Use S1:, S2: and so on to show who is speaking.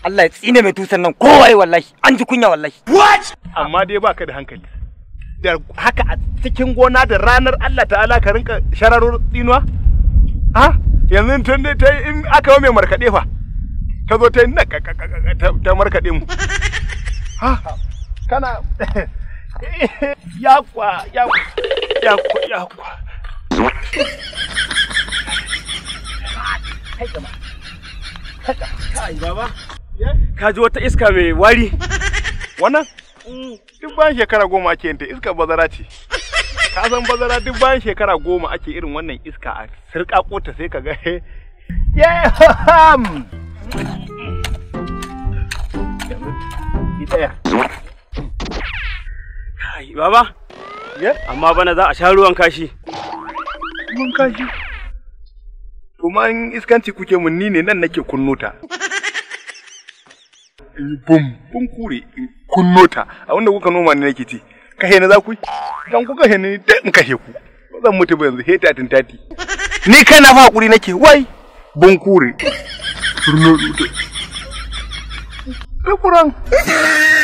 S1: Allah ya tsine mai tusan nan kowai wallahi an ji kunya wallahi. What? Amma dai ba ka da hankali. Da haka a cikin gona da ranar Allah ta'ala ka rinka shararo tsinuwa? Ha? Yanzu tun dai ta in aka wa mai markaɗe fa. Ta zo ta yi nan ta markaɗe mu. kana yakwa yakwa yakwa ka ji wata iska mai wari wannan duk bayan shekara goma ake yanta iska bazara ce ka san bazara duk bayan shekara goma ake irin wannan iska a sirƙaƙo ta sai ka ga yam baki daya kai baba amma bana za a sha ruwan kashi ruwan kashi kuma in iskanci kuke ni ne nan nake kunno ta bum bum kure kunno ta a wanda kuka noma ne nake ci kahe na za ku dan kuka he ni da in kahe ku zan mutu ba yanzu he tati ni kai na fa hakuri nake wai bun kure kunno alkuran